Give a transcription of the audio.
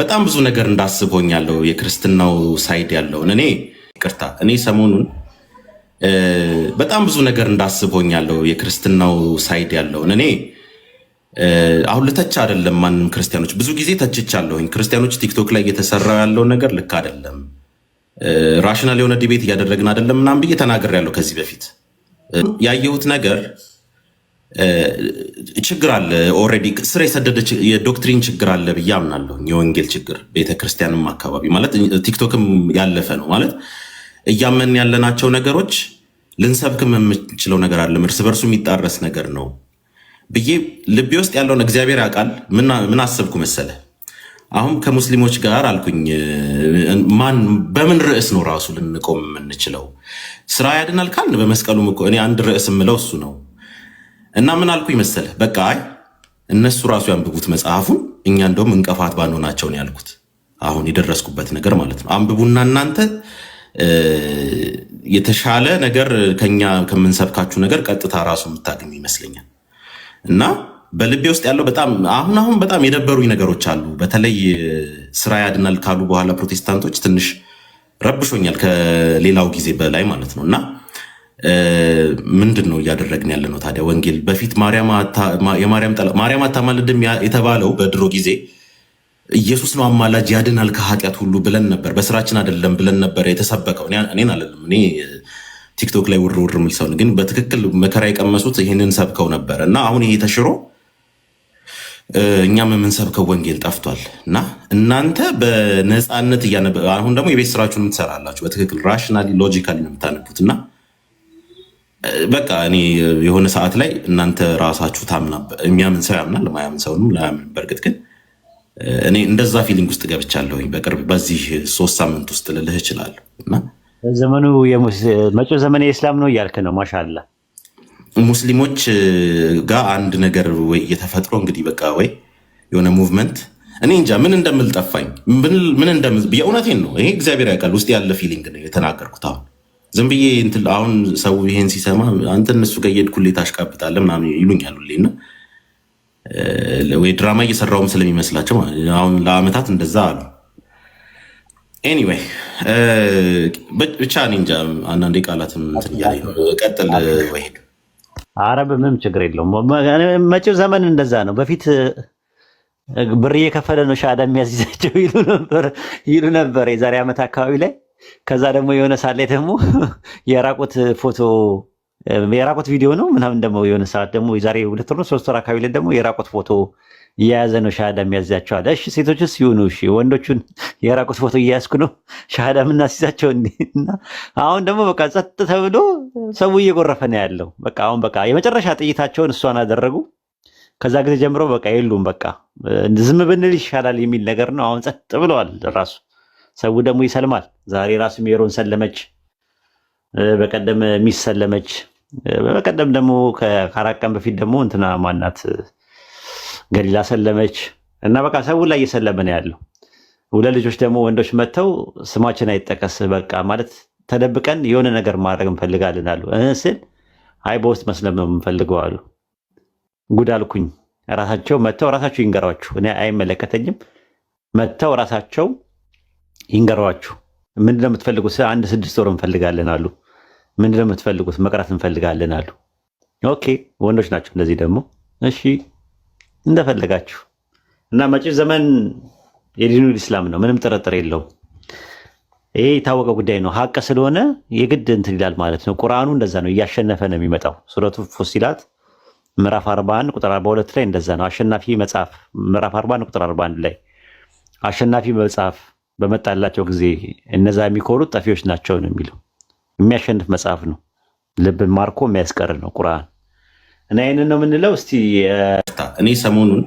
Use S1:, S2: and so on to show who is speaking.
S1: በጣም ብዙ ነገር እንዳስቦኝ ያለው የክርስትናው ሳይድ ያለውን እኔ ይቅርታ፣ እኔ ሰሞኑን በጣም ብዙ ነገር እንዳስቦኝ ያለው የክርስትናው ሳይድ ያለውን እኔ አሁን ልተች አይደለም ማንም ክርስቲያኖች ብዙ ጊዜ አለሁኝ ክርስቲያኖች ቲክቶክ ላይ እየተሰራ ያለውን ነገር ልክ አይደለም፣ ራሽናል የሆነ ዲቤት እያደረግን አይደለም ምናምን ብዬ ተናግሬያለሁ ከዚህ በፊት ያየሁት ነገር ችግር አለ። ኦልሬዲ ስር የሰደደ የዶክትሪን ችግር አለ ብዬ አምናለሁ። የወንጌል ችግር ቤተክርስቲያንም አካባቢ ማለት ቲክቶክም ያለፈ ነው ማለት እያመን ያለናቸው ነገሮች ልንሰብክም የምንችለው ነገር አለ። እርስ በርሱ የሚጣረስ ነገር ነው ብዬ ልቤ ውስጥ ያለውን እግዚአብሔር ያውቃል። ምን አሰብኩ መሰለ? አሁን ከሙስሊሞች ጋር አልኩኝ፣ ማን በምን ርዕስ ነው ራሱ ልንቆም የምንችለው? ስራ ያድናል ካልን በመስቀሉ እኮ እኔ አንድ ርዕስ የምለው እሱ ነው እና ምን አልኩ መሰለ፣ በቃ አይ እነሱ ራሱ ያንብቡት መጽሐፉን፣ እኛ እንደውም እንቅፋት ባንሆናቸው ነው ያልኩት። አሁን የደረስኩበት ነገር ማለት ነው። አንብቡና እናንተ የተሻለ ነገር ከኛ ከምንሰብካችሁ ነገር ቀጥታ ራሱ የምታገኙ ይመስለኛል። እና በልቤ ውስጥ ያለው በጣም አሁን አሁን በጣም የደበሩኝ ነገሮች አሉ። በተለይ ስራ ያድናል ካሉ በኋላ ፕሮቴስታንቶች ትንሽ ረብሾኛል ከሌላው ጊዜ በላይ ማለት ነው እና ምንድን ነው እያደረግን ያለ ነው ታዲያ? ወንጌል በፊት ማርያም አታማልድም የተባለው በድሮ ጊዜ ኢየሱስ ነው አማላጅ ያድናል ከኃጢአት ሁሉ ብለን ነበር። በስራችን አይደለም ብለን ነበር የተሰበከው። እኔን አለም እኔ ቲክቶክ ላይ ውር ውር የሚል ግን በትክክል መከራ የቀመሱት ይህንን ሰብከው ነበር እና አሁን ይሄ ተሽሮ እኛም የምንሰብከው ወንጌል ጠፍቷል እና እናንተ በነፃነት እያነበ አሁን ደግሞ የቤት ስራችሁን የምትሰራላችሁ በትክክል ራሽናሊ ሎጂካሊ ነው የምታነቡት እና በቃ እኔ የሆነ ሰዓት ላይ እናንተ ራሳችሁ ታምና የሚያምን ሰው ያምናል፣ ማያምን ሰው ላያምን። በእርግጥ ግን እኔ እንደዛ ፊሊንግ ውስጥ ገብቻለሁኝ በቅርብ በዚህ ሶስት ሳምንት ውስጥ ልልህ እችላለሁ። እና
S2: ዘመኑ መጪው ዘመን የእስላም ነው እያልክ ነው። ማሻላ
S1: ሙስሊሞች ጋር አንድ ነገር ወይ እየተፈጥሮ እንግዲህ በቃ ወይ የሆነ ሙቭመንት እኔ እንጃ ምን እንደምል ጠፋኝ። ምን እንደምል የእውነቴን ነው። ይሄ እግዚአብሔር ያውቃል ውስጥ ያለ ፊሊንግ ነው የተናገርኩት አሁን ዝም ብዬ አሁን ሰው ይሄን ሲሰማ አንተ እነሱ ጋር እየሄድኩልህ ታሽቃብጣለህ ምናምን ይሉኛል ሁሌና ወይ ድራማ እየሰራውም ስለሚመስላቸው አሁን ለአመታት እንደዛ አሉ። ኤኒዌይ ብቻ እኔ እንጃ አንዳንዴ ቃላትም ቀጥል ወይ
S2: አረብ ምንም ችግር የለውም። መጪው ዘመን እንደዛ ነው። በፊት ብር እየከፈለ ነው ሻዳ የሚያስይዛቸው ይሉ ነበር የዛሬ ዓመት አካባቢ ላይ ከዛ ደግሞ የሆነ ሰዓት ላይ ደግሞ የራቆት ፎቶ የራቆት ቪዲዮ ነው ምናምን ደግሞ የሆነ ሰዓት ደግሞ የዛሬ ሁለት ወር ነው ሶስት ወር አካባቢ ላይ ደግሞ የራቆት ፎቶ እየያዘ ነው ሻሃዳ የሚያዛቸዋል። እሺ ሴቶችስ ይሁኑ፣ እሺ ወንዶቹን የራቆት ፎቶ እያያዝኩ ነው ሻሃዳ የምናስይዛቸው እና አሁን ደግሞ በቃ ጸጥ ተብሎ ሰው እየጎረፈ ነው ያለው። በቃ አሁን በቃ የመጨረሻ ጥይታቸውን እሷን አደረጉ። ከዛ ጊዜ ጀምሮ በቃ የሉም፣ በቃ ዝም ብንል ይሻላል የሚል ነገር ነው። አሁን ጸጥ ብለዋል ራሱ ሰው ደግሞ ይሰልማል። ዛሬ ራሱ ሜሮን ሰለመች፣ በቀደም ሚስ ሰለመች፣ በቀደም ደግሞ ከአራት ቀን በፊት ደግሞ እንትና ማናት ገሊላ ሰለመች እና በቃ ሰው ላይ እየሰለመ ነው ያለው። ሁለት ልጆች ደግሞ ወንዶች መጥተው ስማችን አይጠቀስ በቃ ማለት ተደብቀን የሆነ ነገር ማድረግ እንፈልጋለን አሉ። ስል አይ በውስጥ መስለም ነው የምንፈልገው አሉ። ጉድ አልኩኝ። ራሳቸው መጥተው ራሳቸው ይንገሯችሁ፣ እኔ አይመለከተኝም። መጥተው ራሳቸው ይንገሯችሁ። ምንድን ነው የምትፈልጉት? አንድ ስድስት ወር እንፈልጋለን አሉ። ምንድን ነው የምትፈልጉት? መቅረት እንፈልጋለን አሉ። ኦኬ ወንዶች ናቸው እነዚህ ደግሞ። እሺ እንደፈለጋችሁ እና መጪው ዘመን የዲኑ ኢስላም ነው፣ ምንም ጥርጥር የለውም። ይሄ የታወቀ ጉዳይ ነው። ሀቅ ስለሆነ የግድ እንትን ይላል ማለት ነው። ቁርአኑ እንደዛ ነው፣ እያሸነፈ ነው የሚመጣው። ሱረቱ ፉሲላት ምዕራፍ 41 ቁጥር 42 ላይ እንደዛ ነው። አሸናፊ መጽሐፍ ምዕራፍ 41 ቁጥር 41 ላይ አሸናፊ መጽሐፍ በመጣላቸው ጊዜ እነዛ የሚኮሩት ጠፊዎች ናቸው ነው የሚለው። የሚያሸንፍ መጽሐፍ ነው። ልብን ማርኮ የሚያስቀር ነው ቁርአን እና ይህንን ነው የምንለው። እስቲ እኔ ሰሞኑን